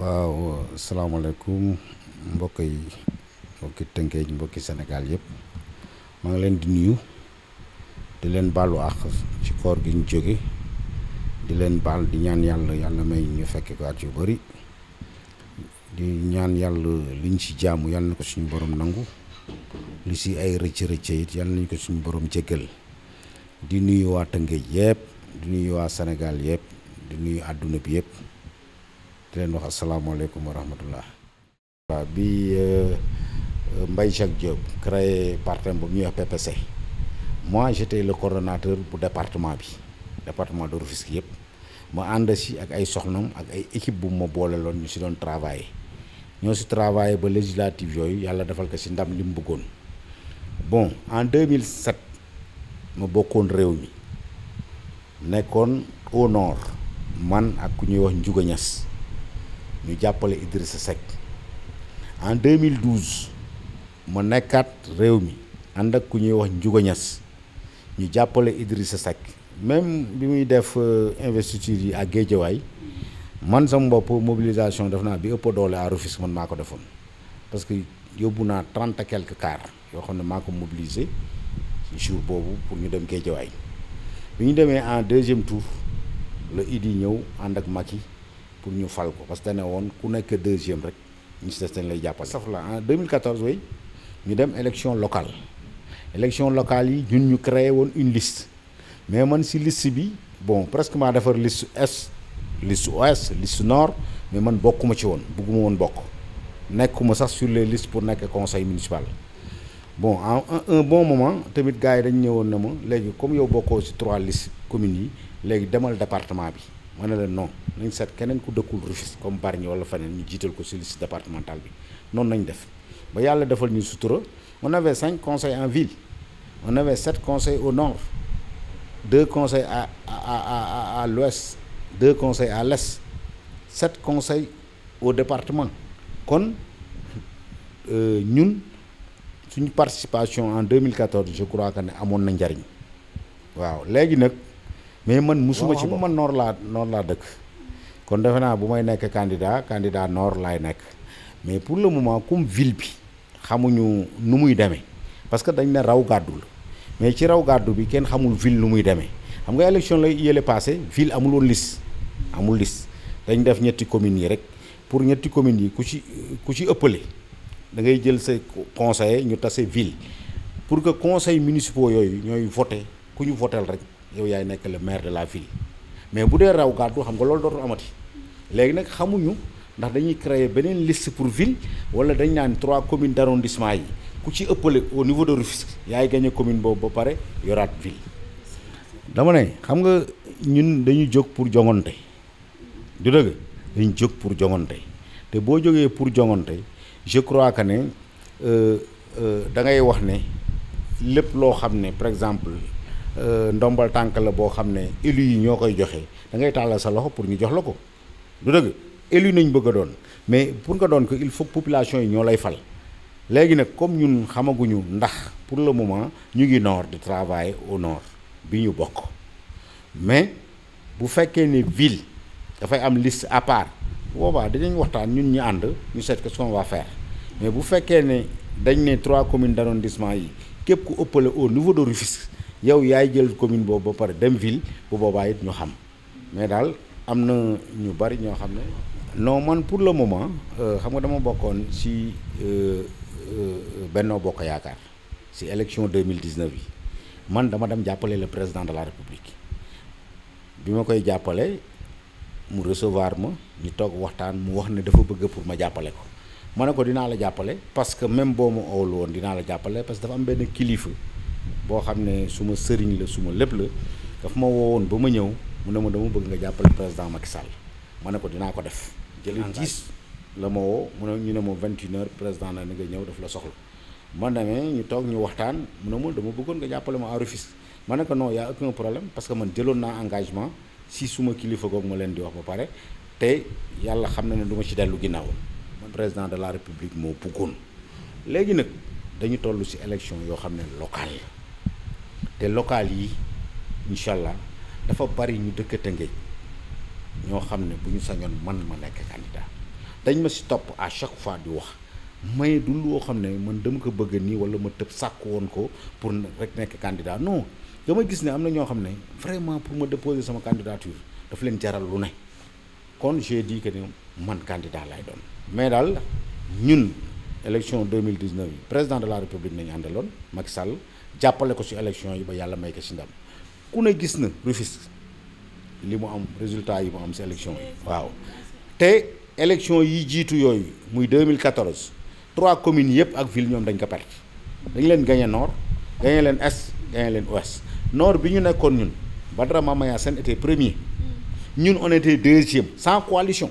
waaw salaamaaleykum mbokk yi mbokki Tëngéej mbokki Sénégal yëpp maa ngi leen di nuyu di leen baalu àq ci koor gi ñu jóge di leen baal di ñaan yàlla yàlla may ñu fekke ko at yu bari di ñaan yàlla liñ ci jàmm yàlla na ko suñu borom nangu li ci ay rëcc rëcc it yàlla nañ ko suñu borom jéggal di nuyu waa Tëngéej yëpp di nuyu waa senegal yëpp di nuyu àdduna bi yëpp. di leen wax asalaamaaleykum wa rahmatullah waaw bi euh, Mbaye Jacques Diop créé partem bu ñuy wax PPC moi j'étais le coordonnateur bu département bi département de Rufisque yëpp ma ànd si ak ay soxnam ak ay équipe bu ma boole loon ñu si doon travailler ñoo si travailler ba législative yooyu yàlla defal ko si ndam li mu bëggoon bon en 2007 ma bokkoon réew mi nekkoon au man ak ku ñuy wax Ndiouga ñu jàppale Idrissa Seck en 2012 ma nekkaat réew mi ànd ak ku ñuy wax Ndiouga ñu jàppale Idrissa Seck même bi muy def euh, investiture yi ak Guédiawaye man sama mbopp mobilisation def naa bi ëpp doole à Rufisque man maa ko defoon parce que yóbbu naa trente et quelques yoo xam ne maa ko mobilisé jour boobu pour ñu dem Guédiawaye bi ñu demee en deuxième tour la Idi ñëw ànd ak Macky pour ñu fal ko parce que ne woon ku nekk deuxième rek ñu si des dañ lay jàppale. safla en 2014 way ñu dem élection locale élection locale yi ñun ñu créé woon une liste mais man si liste bi bon presque maa defar liste est liste ouest liste nord mais man bokkuma ci woon bugguma woon bokk nekkuma sax sur les listes pour nekk conseil municipal. bon en un bon moment tamit gars yi dañ ñëwoon na ma léegi comme yow bokkoo ci trois listes communes yi léegi demal département bi. ma ne la non nañ seet keneen ku dëkkul Rufisque comme Bargny wala feneen ñu jiital ko ci liste bi noonu nañ def ba yàlla defal ñu sutura on avait cinq conseils en ville on avait sept conseils au nord deux conseils à à à à l'ouest deux conseils à l'est sept conseils au departement kon euh, ñun suñu participation en 2014 je crois que ne amoon na njariñ waaw léegi nag. mais man musuma ci bokk man noor laa noor laa dëkk kon defe naa bu may nekk candidat candidat noor laay nekk mais pour le moment comme ville bi xamuñu nu muy demee parce que dañ ne raw gàddu la mais ci raw gàddu bi kenn xamul ville nu muy demee xam nga élection lay yële passé ville amul woon amul liste dañ def ñetti communes yi rek pour ñetti communes yi ku ci ku ci ëppale da ngay jël sa conseiller ñu tase ville pour que conseil municipaux yooyu ñooy voté ku ñu votel rek yow yaay nekk le maire de la ville mais bu dee raw gàddu xam nga loolu dootul amati léegi nag xamuñu ndax dañuy créer beneen liste pour ville wala dañ naan trois communes d'arrondissement yi ku ci ëppale au niveau de Rufisque yaay gagné commune boobu ba pare yoraat ville dama ne xam nga ñun dañu jóg pour joŋante du dëgg dañu jóg pour joŋante te boo jógee pour joŋante je crois que ne euh, euh, da ngay wax ne lépp loo xam ne par exemple Euh, ndombal tànk la boo xam ne élu yi ñoo koy joxe dangay ngay tàllal sa loxo pour ñu jox la ko du dëgg élu nañ bëgg a doon mais pour nga doon ko il faut population yi ñoo lay fal léegi nag comme ñun xamaguñu ndax pour le moment ñu ngi noor di travailler au nord bi ñu bokk mais bu fekkee ne ville dafay am liste à part boobaa dinañ waxtaan ñun ñu ànd ñu seet que mais bu fekkee ne dañ ne trois communes d'arrondissement yi képp ku ëppale au niveau de Rufisque yow yaay jël commune boobu ba pare dem ville bu boobaa it ñu xam mais daal am na ñu bari ñoo xam ne non man pour le moment euh, xam nga dama bokkoon si euh, euh, Benno Bokk Yaakaar si élection 2019 bi man dama dem jàppale la président de la république bi ma koy jàppale mu recevoir ma ñu toog waxtaan mu wax ni dafa bëgg pour ma jàppale ko ma ne ko dinaa la jàppale parce que même boo ma owul woon dinaa la jàppale parce que dafa am benn kilifa. boo xam ne suma sëriñ la suma lépp la dafa ma woowoon ba ma ñëw mu ne ma dama bëgg nga jàppale président Macky Sall ma ne ko dinaa ko def. jële dix la ma woo mu ne ñu ne ma vingt une président la na nga ñëw daf la soxla. ma demee ñu toog ñu waxtaan mu ne ma dama bëggoon nga jàppale ma à Rufisque ma ne ko non y a aucun problème parce que man jëloon naa engagement si suma kilifa googu ma leen di wax ba pare te yàlla xam na ne du ma ci dellu ginnaaw président de la république moo bëggoon léegi nag. dañu toll ci élection yoo xam ne local la te local yi incha allah dafa bari ñu dëkk Tëngéej ñoo xam ne bu ñu sañoon man ma nekk candidat dañ ma ci topp à chaque fois di wax may du woo xam ne man dama ko bëgg nii wala ma tëb sàkk woon ko pour rek nekk candidat non dama gis ne am na ñoo xam ne vraiment pour ma déposer sama candidature daf leen jaral lu ne kon j'ai dit que ne man candidat lay doon mais daal ñun élection 2019 yi président de la république nañu àndaloon Macky Sall jàppale ko si élection yi ba yàlla may ko ci ndam ku ne gis na Rufisque li mu am résultat yi mu am ci élection yi waaw te élection yi jiitu yooyu muy deux mille 2014 trois communes yëpp ak ville ñoom dañ ko perte dañ leen gañe nord gagné leen est gagné leen ouest nord bi ñu nekkoon ñun Badara Mamaya Sène était premier ñun on était deuxième sans coalition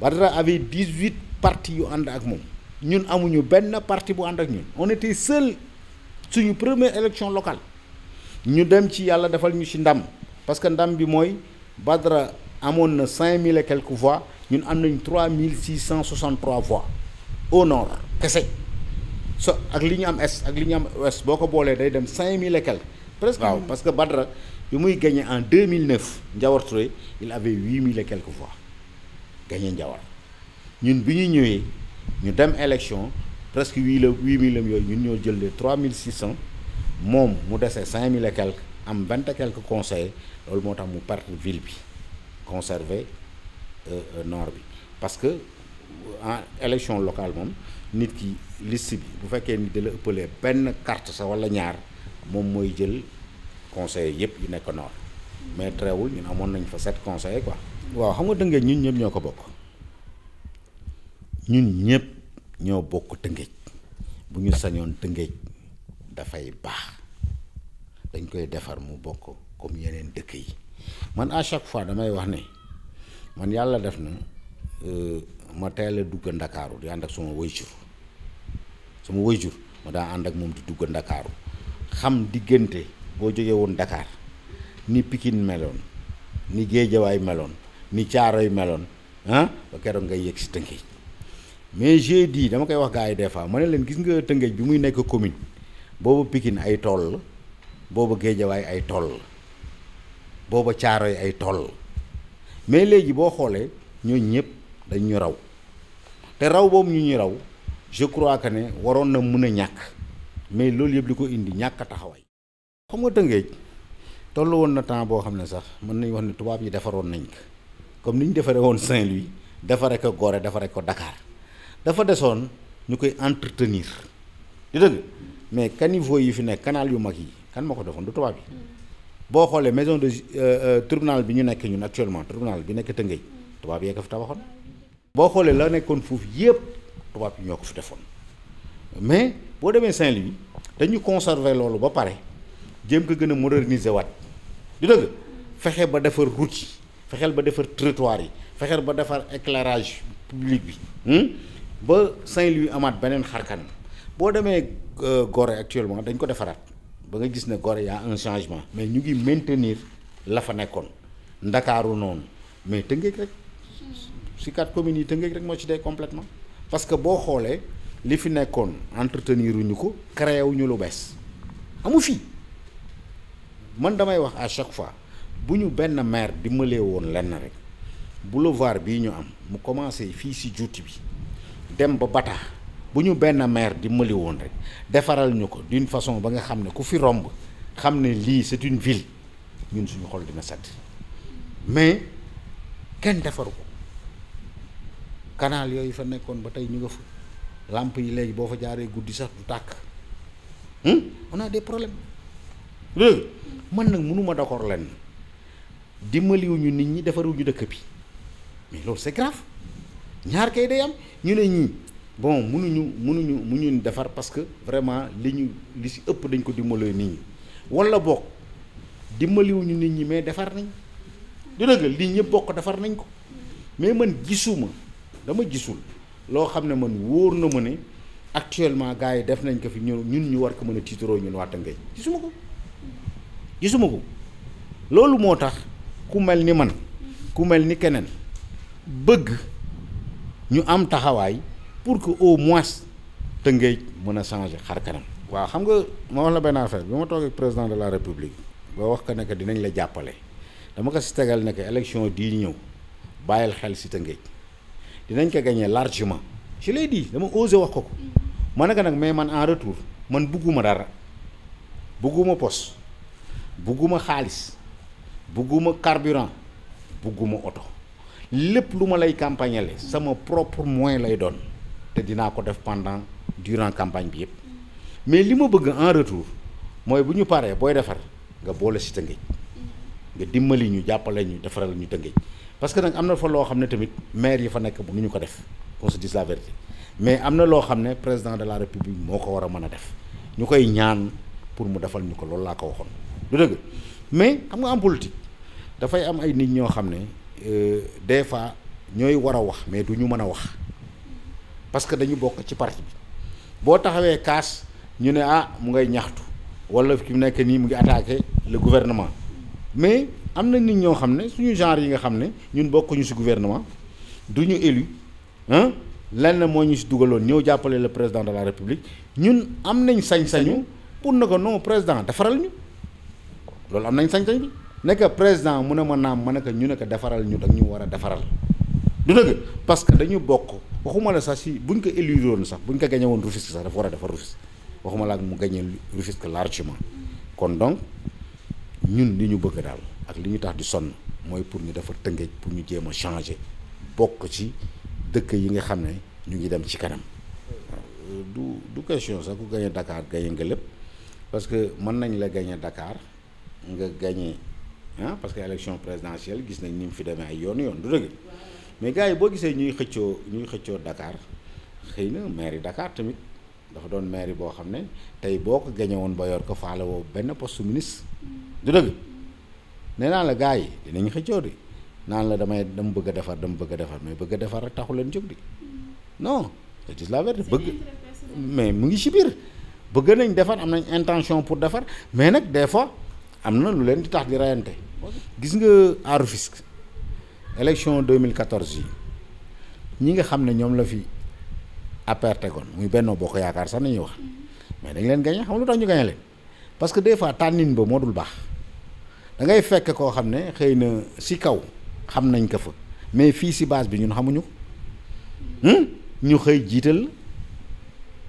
Badara avait 18 partis yu ànd ak moom ñun amuñu benn parti bu ànd ak ñun on était suñu première élection locale ñu dem ci yàlla defal ñu ci ndam parce que ndam bi mooy Badara amoon na cinq mille et ñun am nañ trois mille six cent soixante trois voix au nord kese so ak li ñu am est ak li ñu am ouest boo ko boolee day dem cinq mille et quelques que Badara bi muy gagné en 2009 Ndiawar Touré il avait huit mille et quelques voix gagné ñun bi ñu ñëwee ñu dem élection presque huit la huit mille am yooyu ñun ñoo jëlee trois mille six cent moom mu desee cinq mille et am vingt quelque quelques loolu moo tax mu perte ville bi conserver euh, euh, nord bi parce que euh, en élection locale moom nit ki liste bi bu fekkee di la ëppalee benn carte sa wala ñaar moom mooy jël conseillers yëpp yu nekk nord mais teewul ñun amoon nañ fa sept conseil quoi. waaw xam nga dëngee ñun ñëpp ñoo ko bokk. ñun ñëpp ñoo bokk tëngéej bu ñu sañoon tëngéej dafay baax dañ koy defar mu bokk comme yeneen dëkk yi man à chaque fois damay wax ne man yàlla def na euh, ma teel a dugg ndakaaru di ànd ak sama waajur sama waajur ma daa ànd ak moom di dugg ndakaaru xam diggante boo jógee woon Dakar ni Pikine meloon ni Géejawaay meloon ni Caaroy meloon ah ba keroog ngay yegg si tëngéej mais j'ai dit dama koy wax gars yi des fois ma ne leen gis nga Tëngéej bi muy nekk commune boobu Pikine ay tool la booba Géejawaay ay tool la booba Caaroy ay tool mais léegi boo xoolee ñoo ñëpp dañ raw te raw boobu ñu ñu raw je crois que ne waroon na mën a ñàkk mais loolu yëpp li ko indi ñàkk a taxawaay. xam nga Tëngéej toll woon na temps boo xam ne sax mën nañu wax ne tubaab yi defaroon nañ ko comme ni ñu defaree woon Saint-Louis defaree ko Gorée defaree ko Dakar. dafa desoon ñu koy entretenir di dëgg mais caniveau yi fi nekk canal yu mag yi kan moo ko defoon du tubaab yi boo xoolee maison de euh, euh, tribunal bi ñu nekk ñun actuellement tribunal bi nekk Tëngéej tubaab yee ko fi tabaxoon boo xoolee la nekkoon foofu yëpp tubaab yi ñoo ko fi defoon mais boo demee saint bi dañu conserver loolu ba pare jéem ko gën a moderniser waat du dëgg fexe ba defar route yi ba defar trottoir yi fexeel ba defar éclairage public bi hmm? ba Saint-Louis amaat beneen xarkanam boo demee euh, gore actuellement dañ ko defaraat ba nga gis ne Gorée y un changement mais ñu ngi maintenir la fa nekkoon Ndakaaru noonu mais Tëngéej rek si quatre communes yi Tëngéej rek moo ci dee complètement parce que boo xoolee li fi nekkoon entretenir ñu ko créé wu lu bees amu fii man damay wax à chaque fois bu ñu benn maire dimbalee woon lenn rek boulevard bii ñu am mu commencé fii si juuti bi dem ba bata bu ñu benn maire di woon rek defaral ñu ko d'une façon ba nga xam ne ku fi romb xam ne lii c'est une ville ñun suñu xol dina sedd mais kenn defaru ko canal yooyu fa nekkoon ba tey ñu nga fa làmp yi léegi boo fa jaaree guddi sax du tàkk hmm? on a des problèmes léegi man nag mënuma d'accord lenn dimbaliwuñu nit ñi defaruñu dëkk bi mais loolu c'est grave ñaar kay day am ñu ne ñii bon mënuñu mënuñu mënuñu defar parce que vraiment li ñu li si ëpp dañ ko dimbalee nit ñi wala boog dimbaliwuñu nit ñi mais defar nañ du dëgg lii ñëpp bokk defar nañ ko mais man gisuma dama gisul loo xam ne man wóor na ma ne actuellement gars yi def nañ ko fi ñun ñun ñu war ko mën a tiitaroo ñun waa Tëngéej gisuma ko gisuma ko loolu moo tax ku mel ni man ku mel ni keneen bëgg ñu am taxawaay pour que au moins Tëngéej mën a changer xar kanam. waaw xam nga ma wax la benn affaire bi ma toogee président de la république ba wax ko ne que dinañ la jàppale dama ko si tegal ne que di ñëw bàyyil xel si Tëngéej dinañ ko gagné largement ci l'ai dit dama osé wax ko ko ma ne ko nag mais man en retour man bugguma dara bugguma poste bugguma xaalis bugguma carburant bugguma oto. lépp lu ma lay campagnale sama propre moyen lay doon te dinaa ko def pendant durant campagne bi yëpp mais li ma bëgg en retour mooy bu ñu paree booy defar nga boole si Tëngéej nga dimbali ñu jàppale ñu defaral ñu Tëngéej parce que nag am na fa loo xam ne tamit maire yi fa nekk bu nu ñu ko def qu'on se dise la vérité mais am na loo xam ne président de la république moo ko war a mën a def ñu koy ñaan pour mu defal ñu ko loolu laa ko waxoon du dëgg mais xam nga am dafay am ay nit ñoo xam ne Euh, des fois ñooy war a wax mais du ñu mën a wax parce que dañu bokk ci parti bi boo taxawee kaas ñu ne ah mu ngay ñaxtu wala fi mu nekk nii mu ngi attaqué le gouvernement mais am na nit ñoo xam ne suñu genre yi nga xam ne ñun bokkuñu ci gouvernement du duñu élu ah lenn moo ñu si dugaloon ñëw jàppale le président de la république ñun am nañ sañ-sañu pour na ko non président defaral ñu loolu am nañ sañ-sañ bi ne président mu ne ma naam ma ne que ñu ne ko defaral ñu dag ñu war a defaral du dëgg parce que dañu bokk waxuma la sax si buñ ko élire woon sax buñ ko gañe woon Rufisque sax dafa war a defar Rufisque waxuma la ak mu gañe Rufisque largement kon donc ñun li ñu bëgg daal ak li ñu tax di sonn mooy pour ñu defar Tëngéej pour ñu jéem a changer bokk ci dëkk yi nga xam ne ñu ngi dem ci kanam du du question sax ku gañe Dakar gañe nga lépp parce que mën nañ la gañe Dakar nga gañe ah parce que élection présidentielle gis nañ ni mu fi deme ay yoon yoon du dëgg mais gars yi boo gisee ñuy xëccoo ñuy xëccoo dakaar xëy na mairie dakaar tamit dafa doon mairie boo xam ne tey boo ko gañe woon ba yor ko faale woo benn poste ministre du dëgg nee naa la gars yi dinañ xëccoo di naan la damay dama bëgg a defar dama bëgg a defar mais bëgg defar rek taxu leen jóg di non c'est juste la vérité bëgg mais mu ngi ci biir bëgg nañ defar am nañ intention pour defar mais nag des fois am na lu leen di tax di rayante gis nga à Rufisque élection 2014 yi ñi nga xam ne ñoom la fi APR tegoon muy Benno Bokk Yaakaar sax nañuy wax mais dañ leen gañe xam lu tax ñu gañe leen parce que des fois tànnin ba moo dul baax da ngay fekk koo xam ne xëy na si kaw xam nañ ko fa mais fii si base bi ñun xamuñu hmm? ñu xëy jiital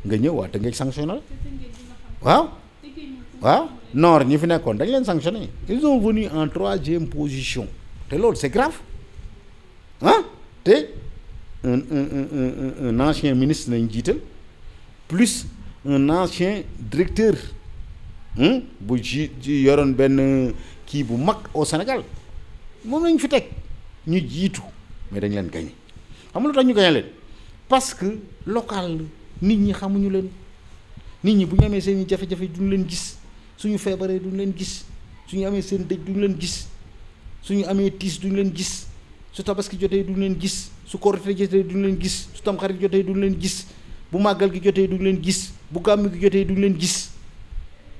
nga ñëw waa te ngay sanctionnal waaw waaw nord ñi fi nekkoon dañ leen sanctionné ils ont venu en troisième position te loolu c'est grave ah te un un un un ministre nañ jiital plus un ancien directeur bu ji yoroon benn kii bu mag au Sénégal moom lañ fi teg ñu jiitu mais dañ leen gañe xam tax ñu gañe leen parce que local nit ñi xamuñu leen nit ñi bu ñu amee seen i jafe du duñu leen gis. suñu feebaree duñ leen gis suñu amee seen dëj duñ leen gis suñu amee tiis duñ leen gis su tabaski jotee duñ leen gis su korite jotee duñ leen gis su tamxarit jotee duñ leen gis bu màggal gi jotee duñ leen gis bu gàmmu gi jotee duñ leen gis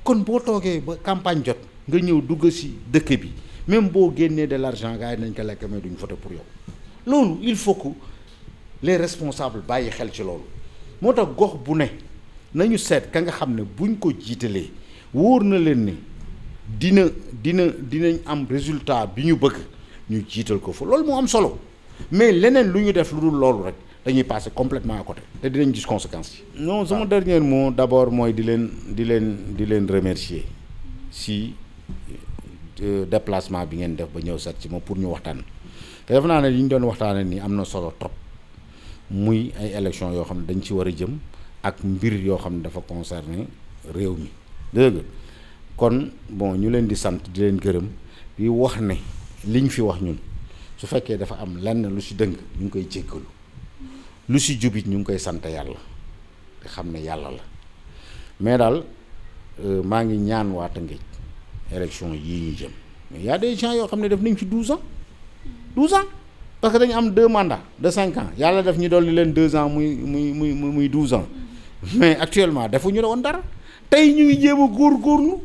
kon boo toogee ba campagne jot nga ñëw dugg ci dëkk bi même boo génnee de l'argent gars nañ ko lekk mais duñ voté pour yow loolu il faut que les responsables bàyyi xel ci loolu moo tax gox bu ne nañu seet ka nga xam ne buñ ko jiitalee wóor na leen ni dina dina dinañ am résultat bi ñu bëgg ñu jiital ko fa loolu moo am solo mais leneen lu ñu def lu dul loolu rek dañuy passer complètement à côté te dinañ gis conséquences yi. non sama dernier mot d'abord mooy di leen di leen di leen remercier si euh, déplacement bi ngeen def ba ñëw seet si ma pour ñu waxtaan te def naa ne li ñu doon waxtaanee nii am na solo trop muy ay élections yoo xam ne dañ ci war a jëm ak mbir yoo xam ne dafa concerner réew mi. dëgg kon bon ñu leen di sant di leen gërëm di wax ne ñu fi wax ñun su fekkee dafa am lenn lu si dëng ñu ngi koy jéggalu lu ci jubit ñu ngi koy sant yàlla te xam ne yàlla la mais daal euh, maa ngi ñaan waa Tëngéej élection yii ñu jëm mais y a des gens yoo xam ne def nañ fi 12 ans 12 ans parce que dañu am deux mandats de cinq ans yàlla def ñu dolli leen deux ans muy muy muy muy douze ans mais actuellement defuñu la woon dara. tey ñu ngi jéem a góorgóorlu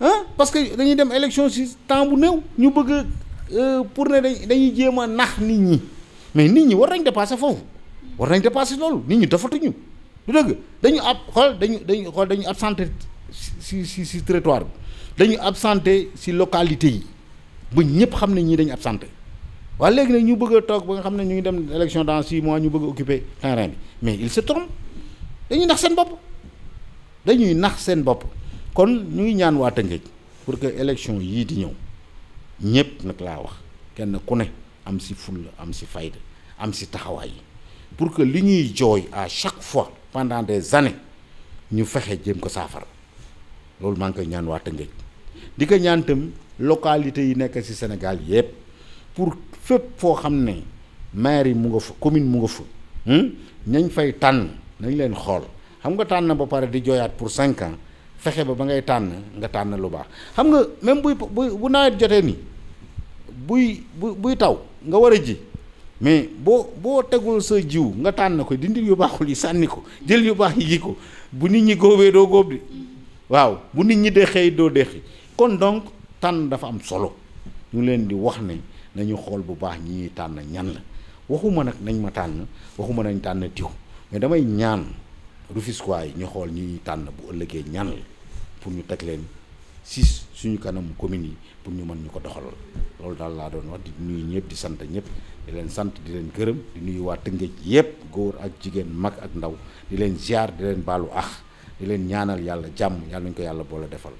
ah parce que dañu dem élection ci temps bu néew ñu bëgg a euh, pour ne dañuy jéem a nax nit ñi mais nit ñi war nañ dépasser foofu war nañ dépasser loolu nit ñi dafatuñu du dëgg dañu ab xool dañu dañu xool dañu absenté ci ci ci territoire bi dañu absenté si localité yi ba ñëpp xam ne ñii dañu absenté waaye léegi nag ñu bëgg a toog ba nga xam ne ñu ngi dem élection dans six mois ñu bëgg a occuper terrain bi mais il se trompe dañuy nax seen bopp. dañuy nax seen bopp kon ñu ngi ñaan waa Tëngéej pour que élection yii di ñëw ñëpp nag laa wax kenn ku ne am si fulla am si fayda am si taxawaay yi pour que li ñuy jooy à chaque fois pendant des années ñu fexe jéem ko saafara loolu maa ngi koy ñaan waa Tëngéej di ko ñaantam tam yi nekk si Sénégal yëpp pour fépp foo xam ne maire yi mu nga fa commune mu nga fa hmm, ñañ fay tànn nañ leen xool xam nga tànn ba pare di jooyaat pour cinq ans fexe ba ba ngay tànn nga tànn lu baax xam nga même buy bu bu nawet jotee nii buy bu buy taw nga war a ji mais boo boo tegul sa jiw nga tànn ko dindi yu baaxul yi sànni ko jël yu baax yi ji ko bu nit ñi góobee doo góob di waaw bu nit ñi deqee doo deqi kon donc tànn dafa am solo ñu leen di wax ne nañu xool bu baax ñi ñuy tànn ñan la waxuma nag nañ ma tànn waxuma nañ tànn diw mais damay ñaan. Rufisquois yi ñu xool ñuy tànn bu ëllëgee ñan pour ñu teg leen six suñu kanam communes yi pour ñu mën ñu ko doxalal loolu daal laa doon wax di nuyu ñëpp di sant ñëpp di leen sant di leen gërëm di nuyu waa Tëngéej yëpp góor ak jigéen mag ak ndaw di leen ziar di leen balu ax di leen ñaanal yàlla jàmm yàlla nañu ko yàlla boole defal.